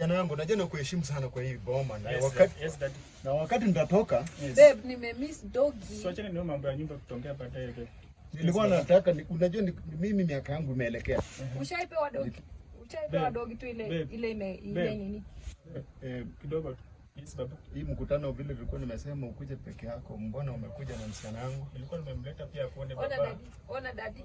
kijana wangu, najua na kuheshimu sana kwa hii boma na yes, wakati yes, na wakati nitatoka yes. Babe, nimemiss dogi. Siache ni mambo ya nyumba kutongea baadaye babe. Nilikuwa nataka unajua ni, mimi miaka yangu imeelekea. Uh-huh. Ushaipewa dogi. Ushaipewa dogi tu ile ile ime ile nini? Eh, eh, kidogo Yes, babu. Hii mkutano vile vilikuwa nimesema ukuje peke yako, mbona umekuja na msichana wangu? Nilikuwa nimemleta pia kuone baba. Ona dadi. Ona dadi.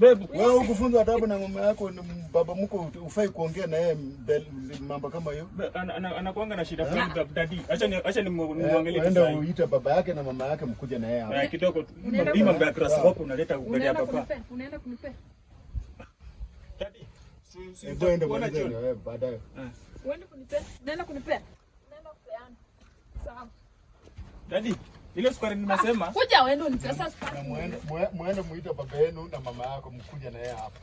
Wewe ukufunzwa adabu na mama yako, ni baba mko ufai kuongea na yeye mambo kama hiyo. Anakuanga na shida eh? fulani daddy. Acha ni acha ni eh, muangalie tu. Nenda uita baba yake na mama yake mkuje na yeye hapa. Kidogo tu. Hii mambo ya grass hapo eh, unaleta ugali hapa kwa. Unaenda kunipe. Daddy. Si si. ndio wewe baadaye. Uende kunipea. Nenda kunipea. Nenda kupeana. Sawa. Daddy. Ile sukari nimesema. Kuja ah, wewe ni pesa sukari. Muende muite baba yenu na mama yako mkuja na yeye hapa.